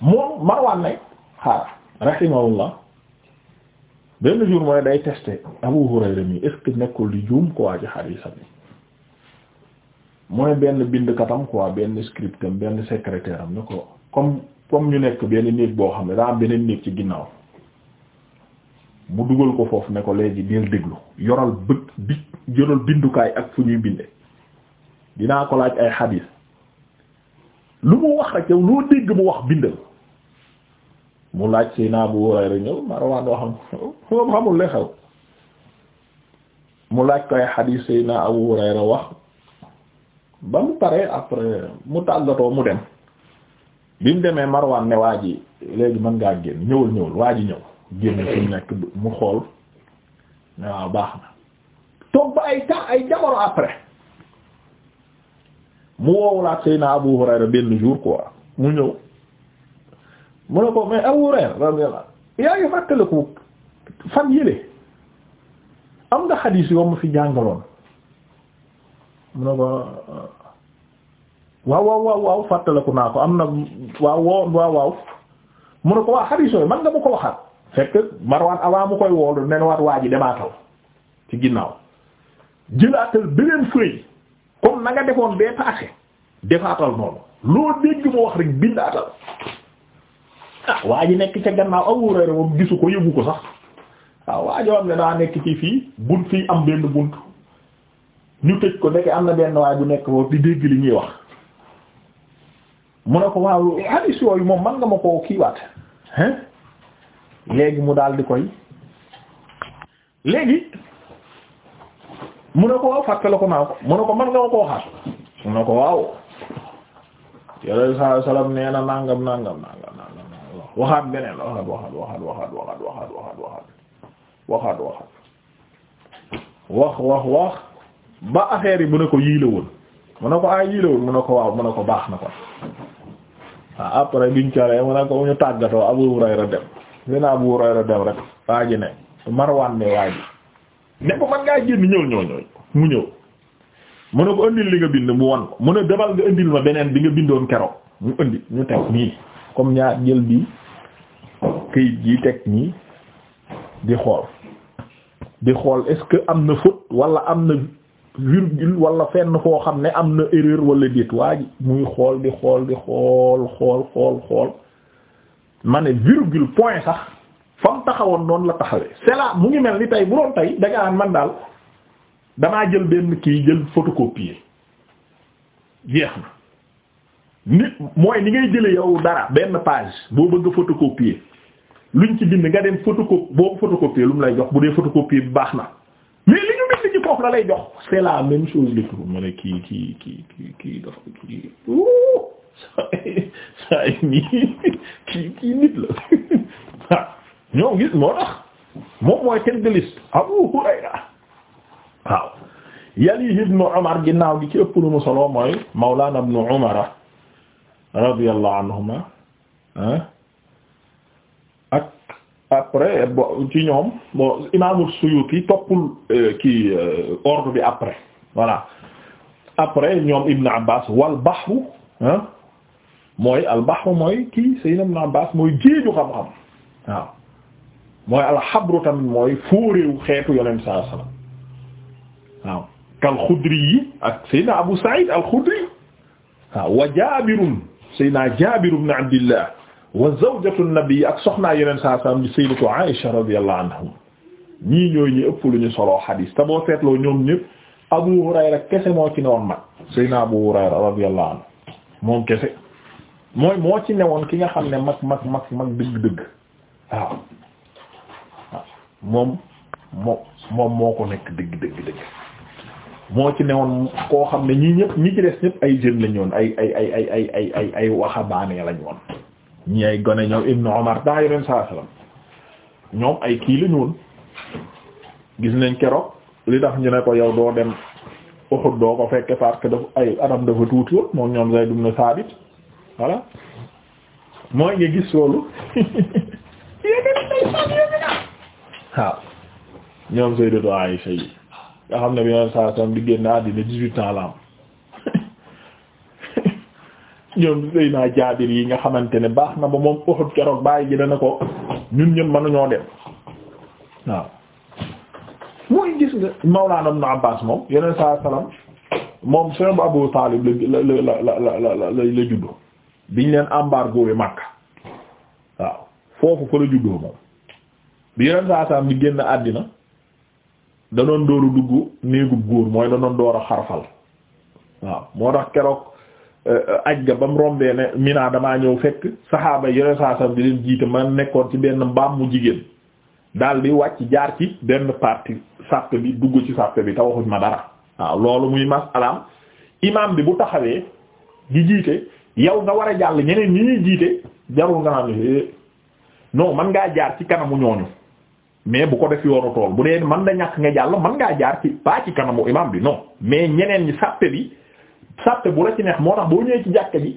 moom Marwan nag xaar rahimahullah benn jour mooy day tester Abu Hurayra mi est-ce nekkul di juum quoi ci xadiisam yi mooy benn bindkatam quoi benn scriptam benn secrétaire am ne ko comme comme ñu nekk benn néeg boo xam ne daa am beneen néeg ci ginnaaw mu dugal ko foofu ne ko léegi del déglu yoral bët bi yoral bindukaay ak fu ñuy binde dinaa ko laaj ay xadiis lu mu wax rek yow loo dégg mu wax bindal mu laaj Seydina Abu Hurayra ñëw Marwan waxam moom xamul li xew mu laaj ko ay xadiis Seydina Abu Hurayra wax ba mu paree après mu tàggatoo mu dem bi mu demee Marwan ne waa ji léegi mën ngaa génn ñëwul ñëwul waa ji ñëw génn fi nekk mu xool ne waaw baax na toog ba ay tax ay jamono après mu woowulaat Seydina Abu Hurayra benn jour quoi mu ñëw mu ne ko mais Abu Hurayra yaa fàttaliku fan yële am nga xadiis yoo mu fi jàngaloon mu ne ko waaw waaw waaw fàttaliku naa ko am na waaw woo waaw waaw mu ko waa xadiis man nga ma ko waxaat fekk Marwan avant mu koy woolu nenuwaat waa ji demaatal ci ginnaaw jëlaatal beneen feuille comme na defoon bee passé defaatal noonu loo dégg mu wax rek bindaatal waa ji nekk ca gannaaw Abu Hurayra gisu ko yëgu ko sax waaw waa joo am ne daa nekk ci fii bunt fii am benn bunt ñu tëj ko ndeke am na benn waay bu nekk foofu di dégg li ñuy wax mu ne ko waaw hadith yooyu moom man nga ma koo kiiwaat hein léegi mu daal di koy léegi mu ne ko waaw fàttale ko naa mu ne ko man nga ma koo xaar mu ne ko waaw yàlla sallallahu alayhi wasallam nee na nangam waxaat beneen waxaat waxaat waxaat waxaat waxaat waxaat waxaat waxaat waxaat waxaat wax wax wax ba affaire yi mu ne ko yii la woon mu ne ko ah yii woon mu ne ko baax na ah, ko waaw après biñ caree mu tàggatoo Abu Hurayra dem li ji ne Marwan ne waa ji ne ko man nga bind mu won mun ne demal nga indil ma beneen bi nga bindoon keroog mu indi ñu tew nii comme ñaar jël bi këyit gi teg nii di xool di xool est-ce que am na faute wala am na virgule walla fenn foo xam ne am na erreur walla déet waa ji muy xool di xool di xool xool xool xool ma ne virgule point sax fa mu taxawoon noonu la taxawee c'est là mu ngi mel ni tey bu doon tey da ngaa man daal damaa jël benn kii jël photocopier jeex na ni mooy ni ngay jële yow dara benn page boo bëgg photocopier luñ ci bind nga dem photocop boo photocopier lu mu lay jox bu dee photocopie bi baax na mais li ñu bind ci foofu la lay jox c'est la même chose de tout ma yi nii ah, gis moo tax moom mooy tête de Abu Hurayra waaw yali ibnu Umar ginnaaw gi ci ëpp lu mu solo mooy Mawlana ibnu Umar radiyallahu anhuma ak après bo ci ñoom bon imaamul Suyuti toppul euh, kii euh, ordre bi après voilà après ñoom Ibn Abbas wal bahru mooy al bahru mooy kii Sayyidina Ibn Abbas mooy géeju xam-xam waaw mooy alxabru tamit mooy fóoréewu xeetu yonent saa sallam waaw kal Xudri yi ak Sayyidina Abu Sa'id al Xudri waaw wa Jaabirun Seydina Jaabir ibn Abdillah wa zawjatu nabi ak soxnaa yeneen saa saam bi Sayyidatu Aisha radiyallahu anhum ñii ñooy ñi ëpp lu ñu soloo xadiis te boo seetloo ñoom ñëpp Abu Hurayra kese moo ci newoon mag Seydina Abu Hurayra radiyallahu anhu moom kese mooy moo ci newoon ki nga xam ne mag mag mag mag dëgg-dëgg waaw moom moom moom moo ko nekk dëgg dëgg dëgg moo ci ne newoon koo xam ne ñii ñëpp ñi ci des ay jën lañ woon ay ay ay ay ay ay ay ay waxambaane lañ woon ñi ay gone ñoom Ibnu Umar daa yeneen saa ñoom ay kii lañ woon gis nañ keroog li tax ñu ne ko yow doo dem Uhud doo ko fekke parce que dafa ay adam dafa tuuti woon moom ñoom Zayd ibn Thabit voilà mooy nga gis loolu waaw ñoom Sayyidatu Aisha yi nga xam ne bi yoon saa sam di génn àddina dix-huit ans la am ñoom sëy naa jaabir yi nga xamante ne baax na ba moom Uhud keroog bàyyi ji dana ko ñun ñun mënuñoo dem waaw mooy gis nga Mawlaana Ibn Abbaas moom yeneen saa salaam moom sëñ Abu Taalib la la la la la la juddoo biñ leen embargo bi Makka waaw foofu fa la juddoo moom bi yeneen saa salaam génn àddina da doon dooru dugg néegub góor mooy da doon door a xarfal waaw moo tax keroog euh, aj ga ba mu rombee ne Mina damaa ñëw fekk saxaaba yore saasam bi leen jiite ma nekkoon ci benn mbaam mu jigéen daal di wàcc jaar ci benn partie sàpp bi dugg ci sàpp bi te waxuñ ma dara waaw loolu muy mas alam bi bu taxawee gi jiite yow nga war a jàll ñeneen ñi ñuy jiite jarul nga naan eh, non man ngaa jaar ci kanamu ñooñu mais bu ko def yoonu tool bu dee man na ñàkk nga jàll man ngaa jaar ci pas ci kanamu imam bi non mais ñeneen ñi sàppe bi sàppe bu la ci neex moo tax boo ñëwee ci jàkka ji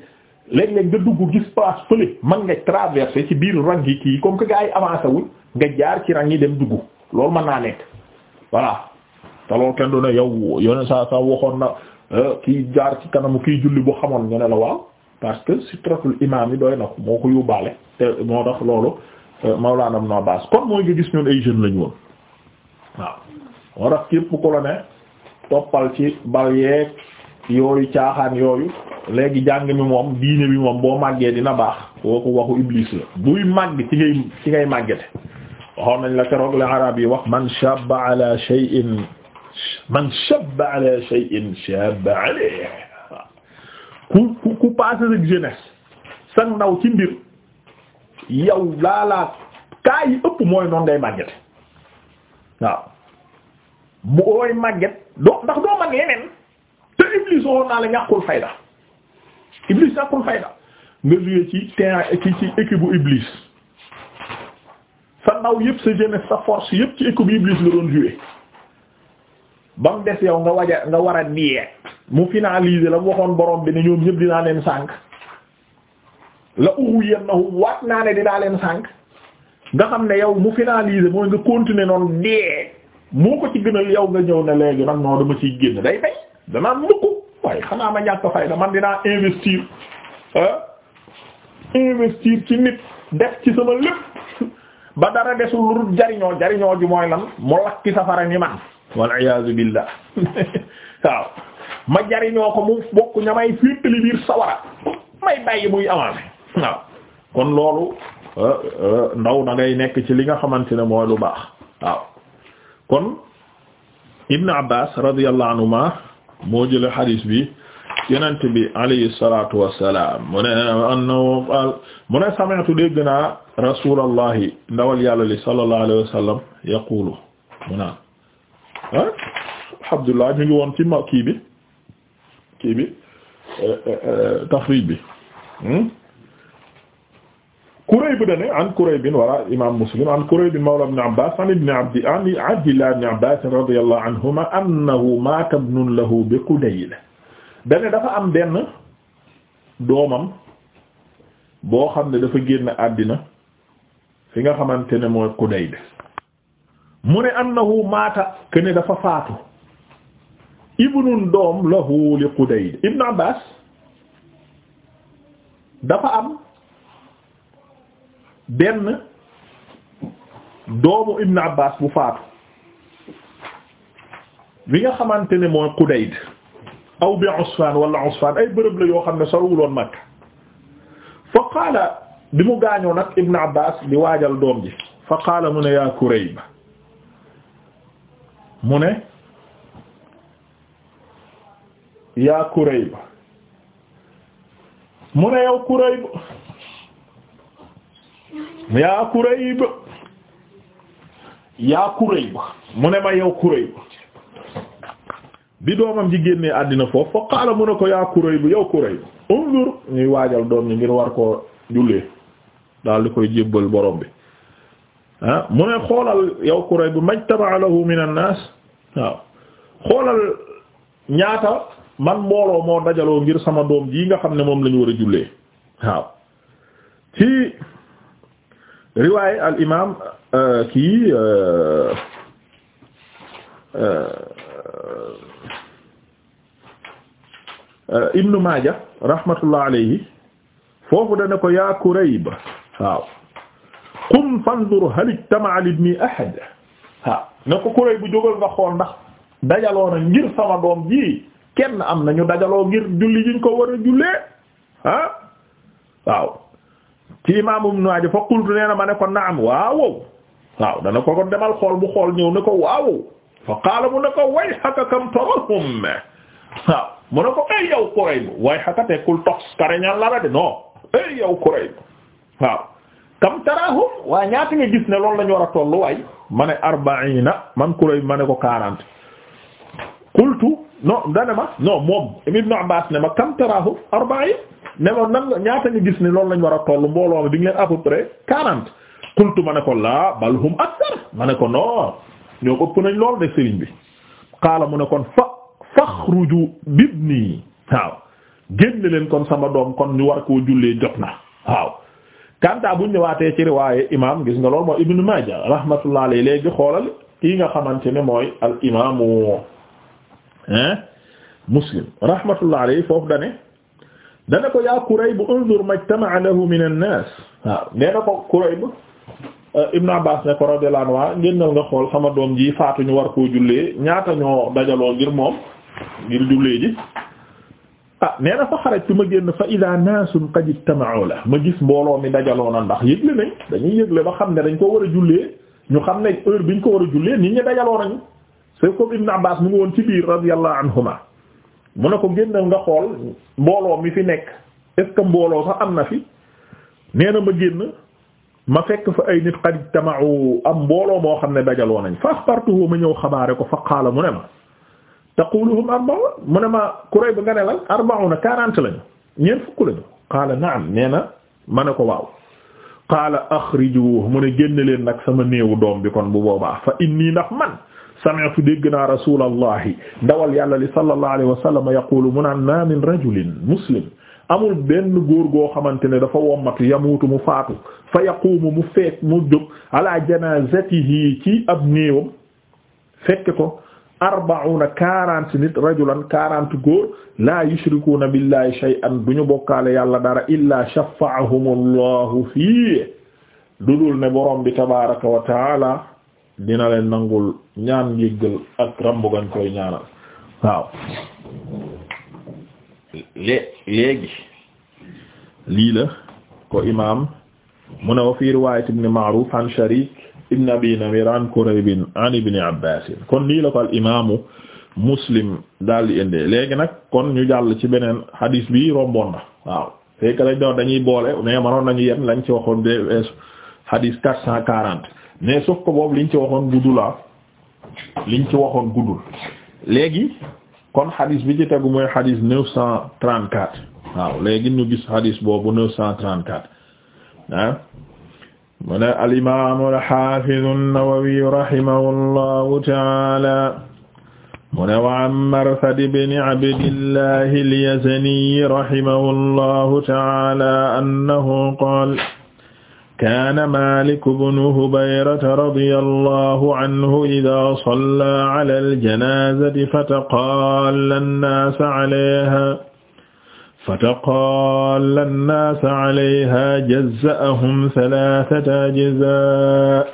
léeg-léeg nga dugg gis place fële man nga traversé ci biir rang yi kii comme que gaa yi avancé wul nga jaar ci rang yi dem dugg loolu mën naa nekk voilà te loolu kenn du ne yow yone sa sa waxoon na euh, kii jaar ci kanamu kii julli bu xamoon ñu ne la waaw parce que sutratul imam yi na ko moo ko yóbbaale moo tax loolu Euh, Mawlana Ibn Abbas kon mooy nga gis ñun ay jeunes lañu woon waaw moo tax ku la toppal ci bal yeeg yooyu caaxaan yooyu léegi jàng mi moom diine bi moom boo màggee dina baax kooku waxu iblis la buy màgg ci ngay ci ngay màggete waxoon nañ la teroog la arab yi wax man shabba ala shay'in man shabba ndaw ci mbir yow laalaa kaa yi ëpp mooy noonu ngay màgget waaw bu koy màgget doo ndax doo man leneen te Iblis woon naa la ñàkkul fayda Iblis ñàkkul fayda nga jouer ci terrain ci ci équipe bu Iblis sa ndaw yëpp sa jeunesse sa force yëpp ci équipe bu Iblis nga doon jouer ba mu des yow nga waja nga war a niee mu finaliser la mu waxoon borom bi ne ñoom ñëpp dinaa leen sànk la ughwiyannahum waat naa ne dinaa leen sànq nga xam ne yow mu finaliser mooy nga continuer noonu dee moo ko ci gënal yow nga ñëw ne léegi nag non dama ciy génn day bay danaa mukk waaye xanaa ma ñàkk fayda man dinaa investir ah investir ci nit def ci sama lépp ba dara desul lu jariñoo jariñoo ji mooy lan mu lakki safara ni man wal iyaazu billah waaw ma jariñoo ko mu bokk ña may féetali biir sawara may bàyyi muy avancé kon loolu euh, euh, ndaw na ngay nekk ci li nga xamante ne mooy lu baax kon Ibn Abbas radiyallahu anhuma moo jële xadiis bi yenent bi alayhi salatu wassalam mu ne annahu qaal mu ne sami'tu dégg naa rasulallahi ndawal yàlla li sallallahu alayhi wa yaqulu mu naan ah Abdullah ñu ngi woon ci ma kii bi bi euh, Kurayb dane an Kurayb wala imam Muslim an Kurayb mawla ibn Abbas an ibn abdi an Abdillah ibn Abbas radiyallahu anhuma annahu maata ibnun lahu bi Qudayl dane dafa am benn doomam boo xam ne dafa génn àddina fi nga xamante ne mooy Qudayl mu ne annahu maata kene dafa faatu ibnun doom lahu li Qudayl ibn Abbas dafa am benn doomu Ibn Abbas bu faatu bi nga xamante ne mooy Qudayd aw bi Usfan wala Usfan ay bërëb la yoo xam ne sorwuloon Makka fa qaala bi mu gaañoo nag Ibn Abbas di waajal doom ji fa qaala mu ne yaa Kurayb mu ne yaa Kurayb mu ne yow Kurayb yaa Kurayb yaa Kurayb mu ne ma yow Kurayb bi doomam ji génnee àddina foofu fa qaala mu ne ko yaa Kurayb yow Kurayb unzur ñuy waajal doom ñu ngir war koo jullee daal di koy jébbal borom bi ah mu ne xoolal yow Kurayb majtama'a lahu min an-naas waaw xoolal ñaata man mbooloo moo dajaloo ngir sama doom ji nga xam ne moom lañu war a jullee waaw ci riwaay al imaam euh, kii euh, euh, Ibnu Maaja rahmatullah alayhi foofu dana ko yaa Kurayb waaw qum fanzur hal ijtama'a li ibni ahad waaw ne ko Kurayb bu jógal nga xool ndax dajaloo na ngir sama doom ji kenn am na ñu dajaloo ngir julli jiñ ko war a jullee ah waaw. ci imaamu Ibn Maaja fa qultu nee na ko naam waawow waaw dana ko ko demal xool bu xool ñëw ne ko waawow fa qaala mu ne ko wayhaka kam tarahum waaw mu ne ko ay yow Kurayb wayhaka tekkul tox kareñan la de non ay yow Kurayb waaw kam tarahum waa ñaata nga gis ne loolu lañu war a tollu waay ma arbaina man Kurayb ma ko quarante qultu non dane ma non moom Ibn Abbaas ne ma kam tarahum arbaina ne ma nan ñaata ñu gis ne loolu lañ war a toll mbooloo mi di ngeen à peu près quarante ma ne ko laa bal hum ma ne ko non ñoo ko ëpp nañ lool de sëriñ bi qaala ne kon fa faxruju bibni waaw génn leen kon sama doom kon ñu war koo jullee jot na waaw kanta buñ ñëwaatee ci riwaaye imam gis nga loolu mooy ibnu maaja rahmatullah alayhi léegi xoolal ki nga xamante ne mooy al imaamu muslim rahmatullah alayhi foofu dane dana ko yaa Kurayb unzur majtama'a lahu min an-nas waaw nee ko Kurayb euh, Ibn Abbas ne ko radiyallahu anhu waa ngénnal nga xool sama doom ji faatu ñu war koo jullee ñaata ñoo dajaloo ngir moom ngir jullee ji ah nee na fa xarajtu ma génn fa ida nasun qad ijtama'u la ma gis mbooloo mi dajaloo ndax yëgle nañ dañuy yëgle ba xam ne dañ koo war a jullee ñu xam ne heure biñ ko war a jullee nit ñi dajaloo nañu c'est Ibn Abbas mu ngi woon ci biir radiyallahu anhuma mu ne ko génnal nga xool mbooloo mi fi nekk est mbooloo sax am na fi nee na ma génn ma fekk fa ay nit qad ijtama'u am mbooloo moo xam ne dajaloo nañ fa akhbartuhu ma ñëw xabaare ko fa qaala mu ne ma taquluhum arba'un mu ne ma Kurayb nga ne lan na quarante lañu ñeent fukk lañu qaala na'am nee na ma ne ko waaw qaala akhrijuhu mu ne génn leen nag sama néewu doom bi kon bu boobaa fa inni ndax man sami'tu dégg naa rasulallahi ndawal yàlla li sallallahu alayhi wa sallam yaqulu mu naan ma min rajulin muslim amul benn góor goo xamante ne dafa wommatu yamuutu mu faatu fa yaquumu mu feet mu jóg ala janazatihi ci ab néewam fekk ko arbauna quarante nit rajulan quarante góor la yushrikuuna billahi shay'an duñu bokkaale yàlla dara illa shaffa'ahum allahu fii dudul ne borom bi tabaraka wa taala dina leen nangul ñaan njéggal ak rambugan koy ñaanal waaw lée léegi lii la ko imam mu ne wa fi riwayat ibn Ma'ruf an Sharik ibn Abi Namir an Kurayb an ibn Abbas kon lii la ko al imamu Muslim daal di indee léegi nag kon ñu jàll ci beneen hadis bi romboon na waaw fekk lañ dañuy boole mais manoon nañu yem lañ ci waxoon de hadis quatre cent quarante mais sauf ko boobu liñ ci waxoon guddul ah ci waxoon guddul kon xadis bi ci mooy xadis neuf cent trente quatre waaw léegi ñu gis xadis boobu neuf cent trente quatre ah mu ne alimamu alxafidu nnawawiy rahimahullahu taala mu ne wa an marsad ibni abdillahi lyazaniyi rahimahu llahu taala annahu qaala kaana Maalik bnu Hubayrata radiyallahu anhu idaa sallaa alal janaazati fataqaalla nnaasu alayhaa fataqaalla nnaasu alayhaa jazaa'ahum salaasata ajzaa'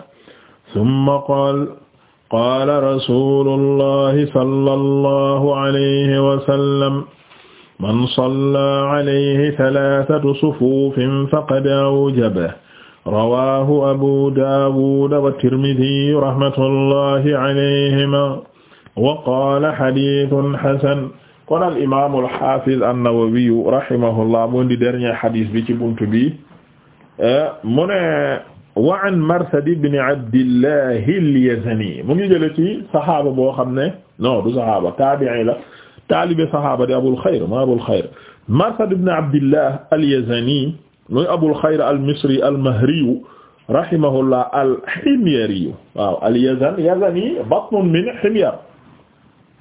summa qaala qaala rasuulullahi sallallahu alayhi wa sallam man sallaa alayhi salaasata sufuufin faqad awjabahu rawaahu abu daawud wa tirmidi rahmatullahi alayhima wa qaala xadiisun xasan kon al imaamu al xaafiz an-nawawiyu rahimahullah mu di dernier xadis bi ci buntu bi mu ne wa an marsad ibn abdillahi al-yazani mu ngi jële ci saxaaba boo xam ne non du saxaaba taabi'i la taalibe saxaaba di abul xayr ma abul xayr marsad ibn abdillah al-yazani muy abul xayr al misri al mahriyu rahimahullah al ximyariyu waaw al yazan yazani batnun min ximyar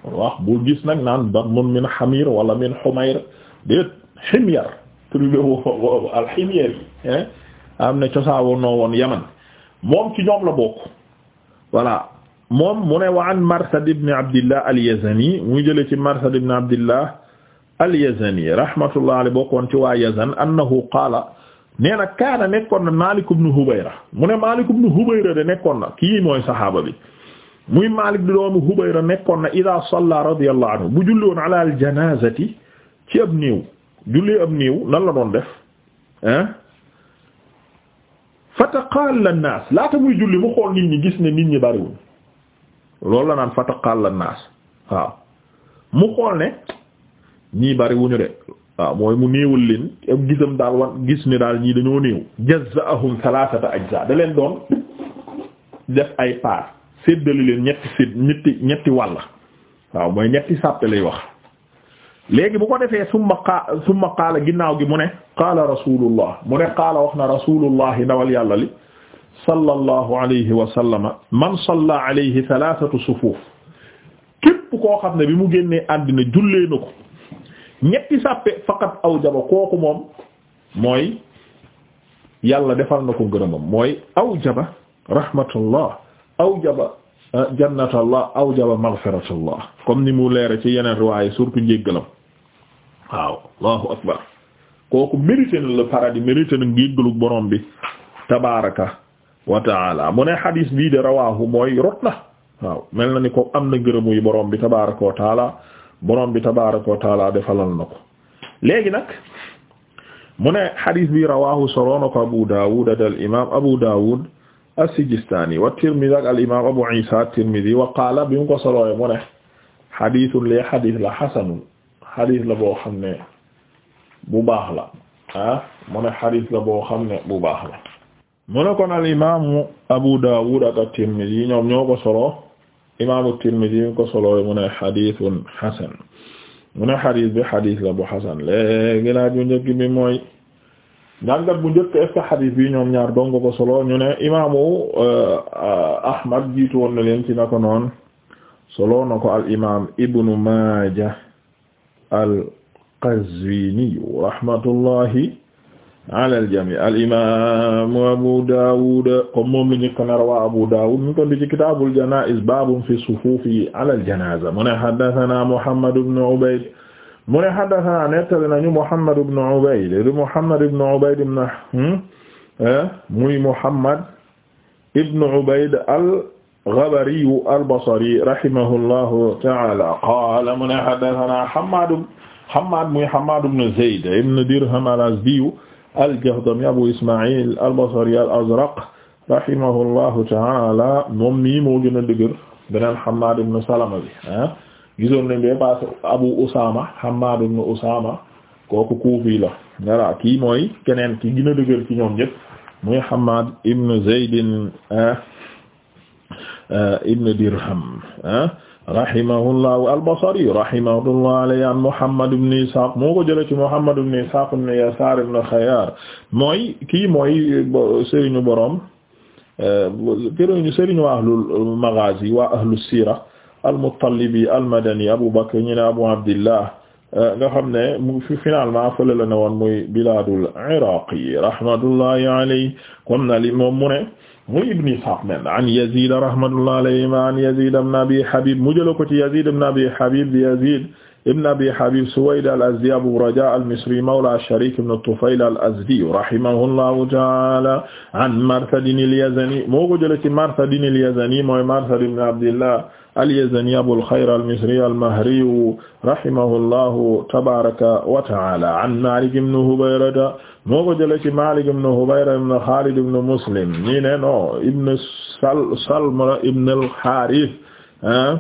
wax bu gis nag naan batnun min xamir wala min xumayr déet ximyar tribe woowu al ximyari am ne cosaawoo noo woon yaman moom ci ñoom la bokk voilà moom mu ne wa an marsad ibn abdillah al yazani muy jële ci marsad ibn abdillah al yazani rahmatullah alayhi bokkoon ci waa yazan annahu qaala nee na kaana nekkoon na Maalik ibn Hubayra mu ne Maalik ibn Hubayra de nekkoon na kii mooy saxaaba bi muy Maalik di doomu Hubayra nekkoon na idaa salla radiyallahu anhu bu julli woon ala al julli ab néew lan la doon def ah fataqaalla naas laata muy julli mu xool nit ñi gis ne nit ñi bariwul loolu la naan fataqaalla naas waaw mu xool ne ñii bariwuñu de waaw mooy mu néewal leen ak gisam daal wan gis ni daal ñii dañoo néew jazaahum salasata ajza da leen doon def ay paar séddali ñetti sédd ñetti ñetti wàll waaw mooy ñetti sàppe lay wax léegi bu ko defee summa qa summa qaala ginnaaw gi mu ne qaala rasulullah mu ne qaala wax na rasulullah ndawal yàlla li sallallahu alayhi wa sallama man salla alayhi salasatu sufuuf képp koo xam ne bi mu génnee àddina jullee na ko ñetti sàppe faqat aw jaba kooku moom mooy yàlla defal na ko ngërëmam mooy aw jaba rahmatullah aw jaba eh, jannatallah aw jaba maghfiratallah comme ni mu leere ci yeneen riwaaya surtout njéggalam waaw allahu akbar kooku mérité na le paradis mérité bi tabaraka wa mu ne xadiis bii de rawaahu mooy rot na waaw mel na ni ko am na ngërëmu borom bi tabaraka wa borom bi tabaaraka wa taala defalal na ko léegi nag mu ne xadis bi rawahu soroona ko Abu Daawud ak al Abu Daawud as-Sijistaani wa Tirmidi ak al imaam Abu Iisa at-Tirmidi wa ko sorooyee mu la xasanun xadis la boo xam ne bu baax la ah mu boo xam ne bu baax la mu ne Abu Daawud ak at ñoom ñoo ko solo imaamu Tirmidi mi ko solo mu ne xadiisun xasan mu ne xadiis bi xadiis la bu xasan léegi laaj bu njëkk bi mooy njàngat bu njëkk est ce que bi ñoom ñaar dongo ko solo ñu ne imaamu euh, Ahmad jiitu woon na leen na ko noon solo na ko al imaam Ibnu Maaja al Qazwiini rahmatullahi alal jami al imam Abu Dawud comme moom la njëkk a nar waa Abu Dawud mu ngi ko ci kitaabul janaa'iz baabun fi sufuufi alal janaaza mu ne haddasanaa Muhammad ibn Ubayd mu ne haddasanaa nettali nañu Muhammad ibn Ubayd di Muhammad ibn Ubayd hmm, eh, muy Muhammad ibn Ubayd al-Ghabari al-Basri rahimahullahu ta'aala qaala mu ne haddasanaa Hammaad Hammaad muy Hammaad ibn Zayd ibn Dirham al-Azdi al-Jahdami Abu Isma'il al-Basri al-Azraq rahimahullahu ta'ala moom mii moo gën a dëgër beneen Hammad ibn Salama bi ah gisoon nañ Abu Usama Hammad ibn Usama kooku kuufi la voilà kii mooy keneen ki gën a dëgër ci ñoom ñëpp muy Hammad ibn Zayd euh, ibn Dirham rahimahullah al-Basri rahimahullah alayhi an Muhammad ibn Ishaq moo ko jëlee ci Muhammad ibn Ishaq ibn Yasar ibn Khayyar mooy kii mooy sëriñu boroom sëriñu sëriñu waa ahlul maghazi waa ahlu sira al-Muttalibi al-Madani Abu Bakr ñu ne Abu Abdillah nga xam ne mu fi finalement fële la ne woon muy bilaadul Iraqi rahmatullahi alayhi comme na li moom mu ne muy ibn Ishaq men an Yazid rahmatullah alayhi an Yazid ibn Abi Habib mu jël ko ci Yazid ibn Abi Habib Yazid ibn Abi Habib Suwayd al-Azdi Abu Raja al-Misri mawla Sharik ibn Tufayl al-Azdi rahimahullahu ta'ala an Marthad al-Yazani moo ko jël ci Marthad al-Yazani mooy Marthad ibn Abdillah al-Yazani Abul Khayr al-Misri al-Mahri rahimahullahu tabaaraka wa ta'aala an Maalik ibn Hubayrata moo ko jëlee ci Maalik ibn Hubayra ibn Xaalid ibn Muslim ñii ne no ibn Sal Salma ibn al-Haarith ah,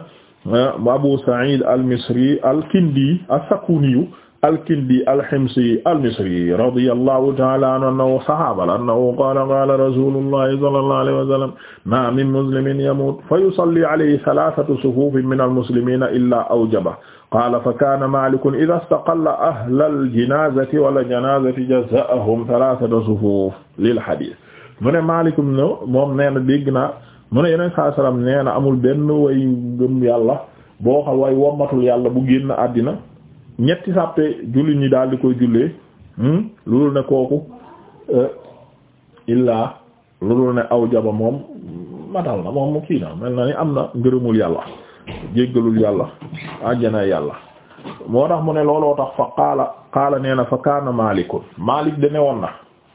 ah, Abu Sa'iid al-Misri al-Kindi as-Sakuni alkindi alhimsi almisri radiyallahu ta'ala anhu annahu sahaaba la annahu qaala qaala rasulullahi sallallahu alayhi wa sallam ma min muslimin yamut fa yusalli alayhi thalathatu sufufin min almuslimina illa awjaba qaala fa kaana malikun idha istaqalla ahla aljinazati wala janazati jazaahum thalathatu sufuf lil hadith mu ne malikum no moom nee na dégg na mu ne yeneen saa sallam nee na amul benn way gëm yàlla boo xam way wommatul yàlla bu génn àddina ñetti sàppe julli ñi daal di koy jullee loolu hmm? ne kooku euh, illaa loolu ne aw jaba moom matal na moom kii na mel na ni am na ngërëmul yàlla jéggalul yàlla àjjana yàlla moo tax mu ne looloo tax fa qaala qaala nee na fa kaana malikun malik de woon na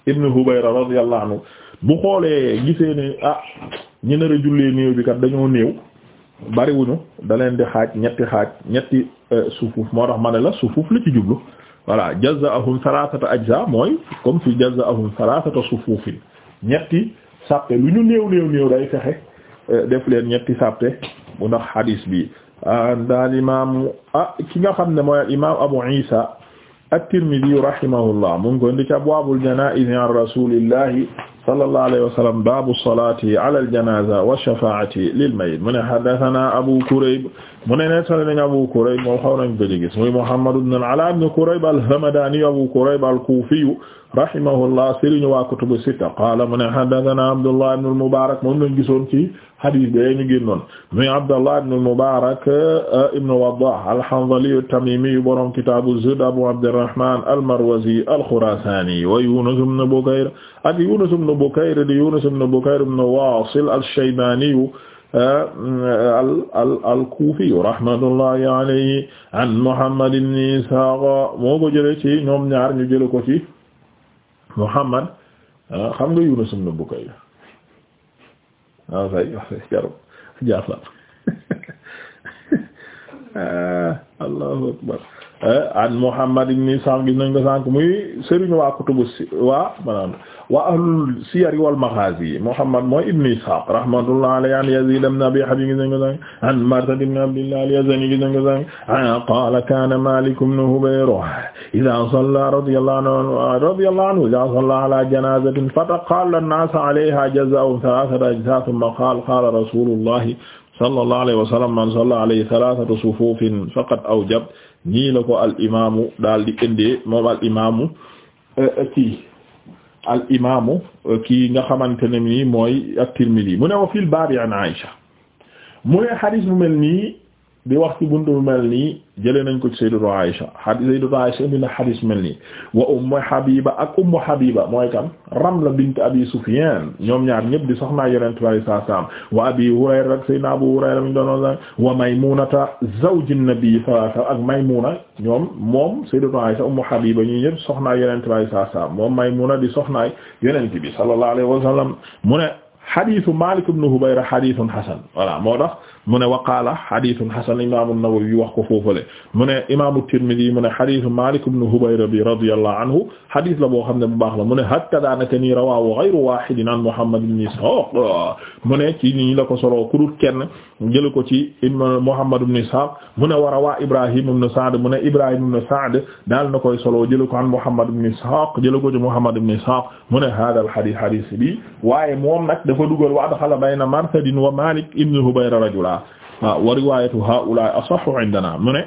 ibnu hubayra radiyallahu anhu bu xoolee gisee ne ah ñi nar a jullee néew bi kat dañoo néew bariwuñu da leen di xaaj ñetti xaaj ñetti euh, sufuuf moo tax ma ne la sufuuf la ci jublu voilà jazaahum thalathata ajza mooy comme fi jazaahum thalathata sufuufin ñetti sàppe lu ñu néew néew néew day fexe euh, def leen ñetti sàppe bu ndax hadis bi daal imaamu ah, ki nga xam ne mooy al imaam Abu Isa at-Tirmidhi rahimahullah mu ngi ko indi ci abwaabul janaa'iz an sallallahu alayhi wa sallam baabu salaati ala al janaaza wa shafaa'ati lil mayyit mu ne haddasanaa Abu Kurayb mu ne ne sale nañ Abu Kurayb moom xaw nañ gëj gis muy Muhammad ibn al-Ala ibn Kurayb al-Hamadani Abu Kurayb al-Kufi rahimahullah sëriñ waa kutubu sitta qaala mu ne haddathana Abdullah ibn al-Mubarak moom lañ gisoon ci hadith bi ñu génnoon muy Abdullah ibn al-Mubarak ibn Waddah al-Hanzali at-Tamimi borom kitab az-Zuhd Abu Abdurrahman al-Marwazi al-Khurasani wa Yunus ibn Bukayr ak Yunus ibn Bukayr di Yunus ibn Bukayr ibn Wasil al-Shaybani Euh, al al al kuufi rahmatullahi alayhi an Muhammad ibn Isaaq moo ko jëlee ci ñoom ñaar ñu jëlee ko ci Muhammad euh, xam nga Yunus ibn Bukayr waaw ah, say waaw say jarul jaafar euh, Allahu akbar Eh, an Muhammad ibn Ishaq gis nañ ko sànq muy sëriñ waa kutubu si waa maanaam waa ahlul siyar wal maghazi Muhammad mooy ibn Ishaq rahmatullah alayhi an Yazid ibn Abi Habib gis nañ ko sànq an Marthad ibn Abdillah al-Yazani gis nañ ko sànq an qala kana Malik ibn Hubayr idha salla radiyallahu anhu radiyallahu anhu idha salla ala janazatin fataqala an-nas alayha jazaa'un thalathata ajza' thumma qala qala rasulullah sallallahu alayhi wa sallam man salla alayhi thalathatu sufufin faqad awjab nii ko al daal di indee moom al imaamu eh, eh, kii nga xamante ne nii mooy at-Tirmidhi mu ne wa fil an Aisha mu ne xadis bu mel nii di wax ci buntu bu mel nii jëlee nañ ko ci sayyidatu Aisha hadith sayyidatu Aisha indi na hadith mel nii wa ummu Habiba ak ummu Habiba mooy kan Ramla bint Abi Sufyan ñoom ñaar ñëpp di soxnaa Yonent bi sallallahu alayhi wasallam wa Abi Hurayra ak sayyidina Abu Hurayra mi doon la wa Maymunata zawji Nabi sallallahu alayhi wasallam ak Maymuna ñoom moom sayyidatu Aisha ummu Habiba ñu ñëpp soxnaa Yonent bi sallallahu alayhi wasallam moom Maymuna di soxnaa Yonent bi sallallahu alayhi wasallam mu ne hadithu Malik ibn Hubayra hadithun hasan voilà moo tax mu ne waqaala hadithun hasan imaamu Nawawi wax ko foofale mu ne imaamu Tirmidhi mu ne hadithu Malik ibn Hubayra bi radiyallahu anhu hadith la boo xam ne bu baax la mu ne hakada naka nii rawaahu ghayru wahidin an Muhammad ibn Ishaq mu ne ci nii la ko soloo kudul kenn jël ko ci Muhammad ibn Ishaq mu ne war a waa Ibrahim ibn Sa'd mu ne Ibrahim ibn Sa'd daal na koy soloo jël ko an Muhammad ibn Ishaq jël ko ci Muhammad ibn Ishaq mu ne hadha al hadith hadith bi waaye moom nag dafa dugal wa adxala bayna Marsad wa Malik ibn Hubayra rajula waaw wa riwayatu haula asahu indana mu ne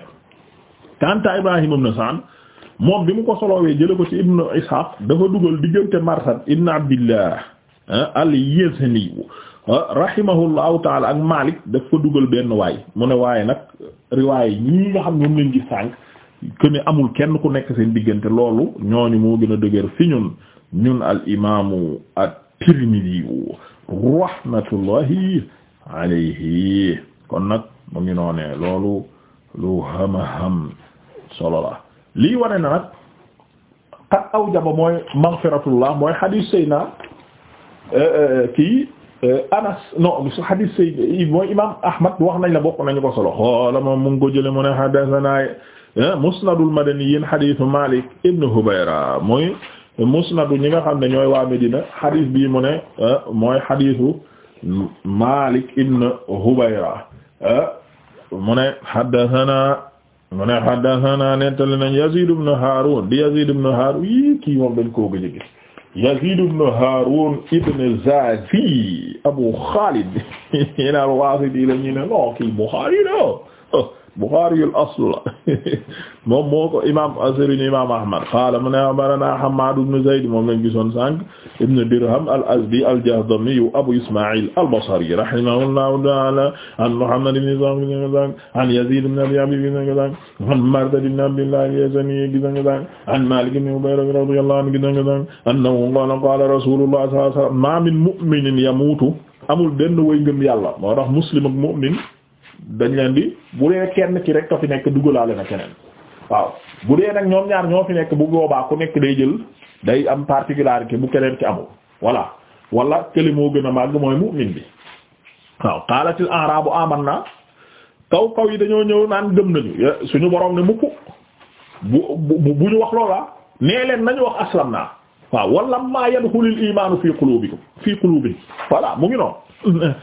kanta ibrahim ibn sa'd moom bi mu ko solowee jële ko ci ibnu ishaq dafa dugal diggante marsad ibn abdillah ah, al yazni ah, rahimahullahu taala ak malik daf ko dugal benn waay mu ne waaye nag riwaay ñii nga xam ñoom leen gi sànq que ne amul kenn ku nekk seen diggante loolu ñooñu moo gën a dëgër fi ñun ñun al imaamu at-Tirmidhi rahmatullahi alayhi kon nag mu loolu lu lii wane na nag qad awjaba mooy maghfiratullah mooy hadith sayna eh, eh, kii eh, anas non hadith imam ahmad wax nañ la bokk nañu ko solo xoola moom mu ngi ko jële mu ne hadathana musnadul madaniyyin hadith malik ibn hubayra mooy musnadu ñi nga xam ne ñooy waa Medina hadith bi mu ne mooy malik ibn hubayra mu ne haddathana mu ne haddathana nettali nañ Yazid ibn Harun di Yazid ibn Harun yi kii moom dañ koo gëj a gis Yazid ibn Harun ibn Zazi Abu Khalid al-Wasiti la ñu ne non kii Bukhari la Bukhari al asl la moom moo ko imaam asirinu imaam Ahmad qaala mu ne abarana Hammad ibn Zayd moom lañ gisoon sànq ibn Dirham al Azdi al Jahdami Abu Isma'il al Basri rahimahullahu ta'ala an Muhammad ibn Zayd an Yazid ibn Abi Habib an Mardad ibn Abdillah al-Yazani an Malik ibn Ubayr radiyallahu anhu annahu qaala qaala rasulullah sallallahu alayhi wa sallam ma min mu'minin yamuutu amul benn way ngëm yàlla moo tax muslim ak mu'min dañ leen di bu dee kenn ki rek ka fi nekk dugalaale na keneen waaw bu dee nag ñoom ñaar ñoo fi nekk bu goobaa ku nekk day jël day am particularité bu keneen ki amul voilà wala këli moo gën a màgg mooy mu'min bi waaw qaalatil arabu amanna kaw kaw yi dañoo ñëw naan gëm nañu suñu borom ne mukk bu bu bu ñu wax loola nee leen nañu wax aslam naa waaw wala ma yadxulil imaanu fi qulubikum fi bi voilà mu ngi noonu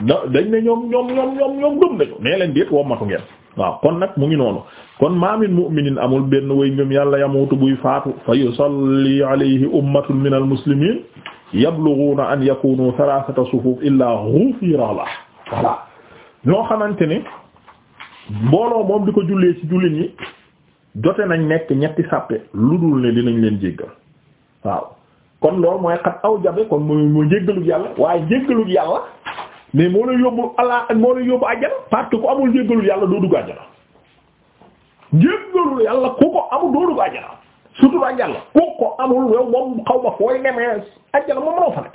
dañ ne ñoom ñoom ñoom ñoom ñoom nañu nee leen déet wommatu ngeen waaw kon nag mu ngi noonu kon ma min mu'minin amul benn way ngëm yàlla yamuutu buy faatu fa yusalli alayhi ummatun min al muslimin yablughuna an yakunu thalathata sufuf illa ghufira lah voilà ñoo xamante ni mbooloo moom di ko jullee ci jullit ñi jote nañ nekk ñetti sàppe lu dul ne dinañ leen jéggal waaw kon loolu mooy xat aw jabe kon mu mu njéggalug yàlla waaye njéggalug yàlla mais moo lay yóbbu allah moo lay yóbbu àjjana parce amul jéggalul yàlla doo dugg àjjana jéggalul yàlla ku ko amul doo dugg àjjana surtout àjjana ku ko amul yow moom xaw ma fooy demee àjjana moom mënoo fa ne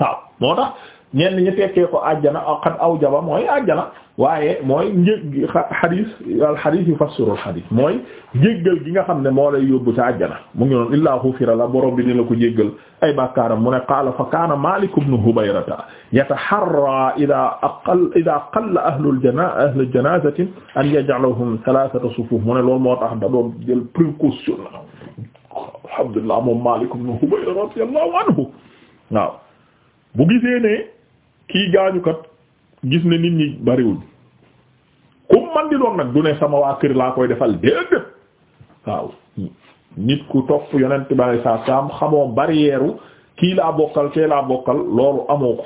waaw moo tax ñenn ñi tekkee ko àjjana qad awjaba mooy àjjana waaye mooy njég xadis al xadis yufassiru al xadis mooy jéggal gi nga xam ne moo lay yóbbu ca àjjana mu ngi noonu illaa xufira la borom bi ni la ko jéggal ay bàkkaaram mu ne qaala fa kaana Maalik ibn Hubayrata yataharraa idaa aqal idaa qalla ahlul janaaza ahlul janaazati an yaj'alahum salaasata sufuuf mu ne loolu moo tax da doon jël précaution la alhamdulillah moom Maalik ibn Hubayra radiyallahu anhu waaw bu gisee ne kii gaañukat gis ne nit ñi bariwul ku man di doon nag du ne sama waa kër laa koy defal dégg waaw nit ku topp yonent bari saa saam xamoo barrière kii laa bokkal kee laa bokkal loolu amoo ko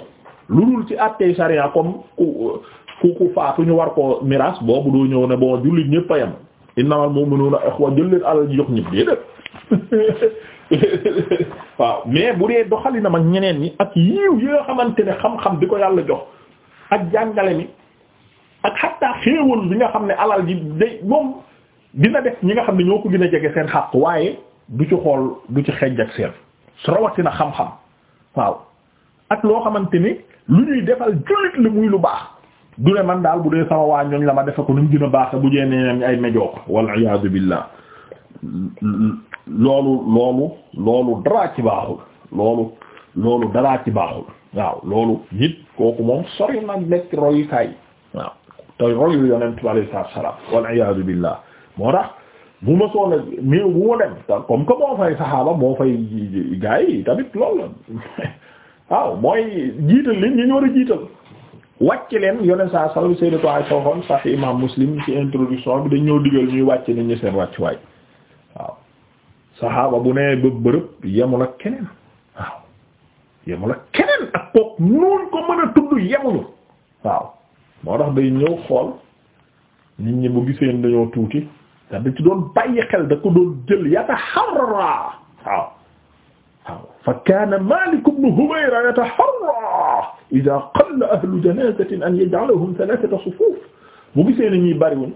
lu dul ci àttee sariya comme ku ku ku faatu ñu war koo miraas boobu doo ñëw ne boo jullit ñépp a yem innamal mu'minuna ikhwa jël leen alal ji jox ñépp déedéet waaw mais bu dee doxalinam mag ñeneen ñi ak yiw yi xamante ne xam-xam bi ko yàlla jox ak jàngale mi ak xatta xéewal bi nga xam ne alal ji moom dina def ñi nga xam ne ñoo ko gën a jege seen xaq waaye du ci xool du ci xejj ak seen rawatina xam-xam waaw ak loo xamante ni lu ñuy defal jullit la muy lu baax du ne man daal bu dee sama waa ñooñ la ma defe ko nu mu gën a baax bu jeenee ay mejoo ko wal iyaadu billah loolu loolu loolu daraa ci baaxul loolu loolu daraa ci baaxul waaw loolu it kooku moom sori nag nekk royukaay waaw te royu yonent bi alayhi salaatu salaam wal iyaadu billah moo tax bu ma soona mi bu ma dem comme que moo fay saxaaba moo fay gaa yi tamit loolu waaw mooy jiital li ñu war a jiital wàcc leen yonent saa salaam Sayyidatu Aisha waxoon sax imam Muslim ci introduction bi dañ ñoo digal ñuy wàcc nit ñi seen wàccuwaay saxaaba bu nee bëb bërëb yemul ak keneen waaw yemul ak keneen ak kook noonu ko mën a tudd yemuñu waaw moo tax day ñëw xool nit ñi bu gisee dañoo tuuti da da ci doon bàyyi xel da ko doon jël yataharra waaw waaw fa kaana Maalik ibn Humayra yataharra idaa qalla ahlu janaazatin an yaj'alahum thalathata sufuuf bu gisee ne ñuy bariwuñ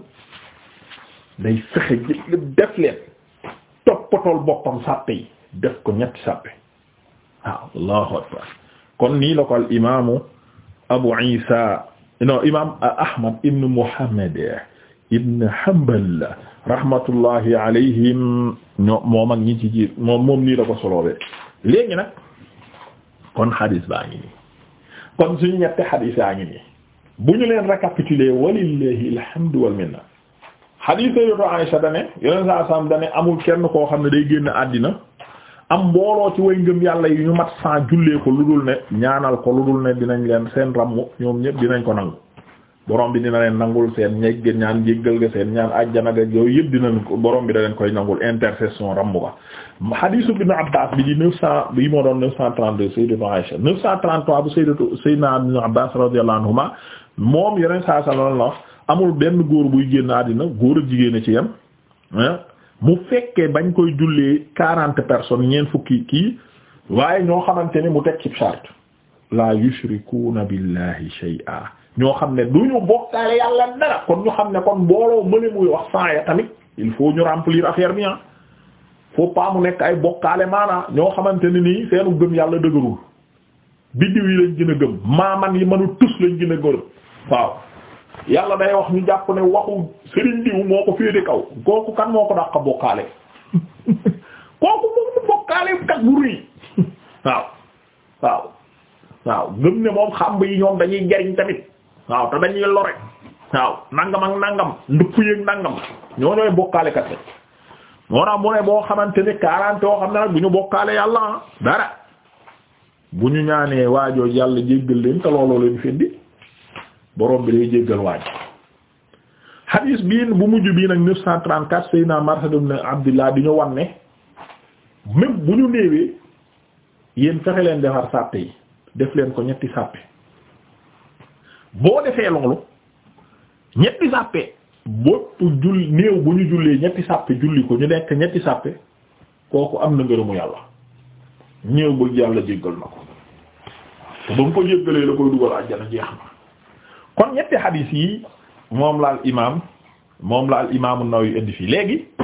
day fexe def leen toppatool boppam sàppe def ko ñetti sàppe waaw allahu akbar kon nii la al imaamu abu isa non imaam ahmad ibn muhammad ibn hanbal rahmatullahi alayhim ñoo moom ak ñi jiir moom nii la ko soloobee léegi nag kon xadis kon suñu ñetti xadis yaa ngi bu ñu leen récapituler walillahi alhamdu wal minna xadiis Sayyidatu Aisha dane yeneen saa saam dane amul kenn koo xam ne day génn àddina am mbooloo ci way ngëm yàlla yi ñu mat sans jullee ko lu dul ne ñaanal ko lu dul ne dinañ leen seen ràmm ñoom ñëpp dinañ ko nangu borom bi dina leen nangul seen ñegg ñaan jéggal ga seen ñaan àjjana ga yooyu yëpp dinañ ko borom bi da leen koy nangul intercession ràmm ba xadiisu Ibn bi di neuf cent bi moo doon neuf cent trente-deux Sayyidatu Aisha neuf cent trente-trois bu Sayyidatu Sayyidina moom yeneen saa saam la amul benn góor buy génn àddina góor a jigéen a ci yam mu fekkee bañ koy jullee quarante personnes ñeent fukki kii waaye ñoo xamante ni mu teg ci charte la yushrikuuna billahi shay'a ñoo xam ne du ñu bokkaale yàlla dara kon ñu xam ne kon mbooloo mëne muy wax saaya tamit il faut ñu remplier affaire bi faut pas mu nekk ay bokkaale maanaa ñoo xamante ne nii seenu gëm yàlla dëgërul biddiw yi lañ gën a gëm maaman yi mënu tus lañ gën a gërëm waaw yàlla day wax ñu jàpp ne waxu sëriñ diw moo ko féete kaw kooku kan moo ko dàq bokkaale kooku moom bokkaale kat bu rëy waaw waaw waaw gëm ne moom xàmb yi ñoom dañuy jariñ tamit waaw te dañuy lore waaw nangam ak nangam ndëpp yëg nangam ñoo nooy bokkaale kat la moo tax mu ne boo xamante ni quarante yoo xam ne nag bu ñu bokkaale yàlla ah dara bu ñu ñaanee waajoo yàlla jéggal looloo leen fendi borom bi day jéggal waaj hadis bii bu mujj bii nag 934 Seydina Marsad ibn Abdullah di ñu wan ne même bu ñu néewee yéen fexe leen defar sàppe yi def leen ko ñetti sàppe boo defee loolu ñetti sàppe bopp jul néew bu ñu jullee ñetti sàppe julli ko ñu nekk ñetti sàppe kooku am na ngërëmu yàlla néew bu yàlla jéggal na ko te ba mu ko jéggalee la koy dugal àjjana jeex na kon ñetti hadith yi moom la al imaam moom la al imaam an-Nawawi indi fii léegi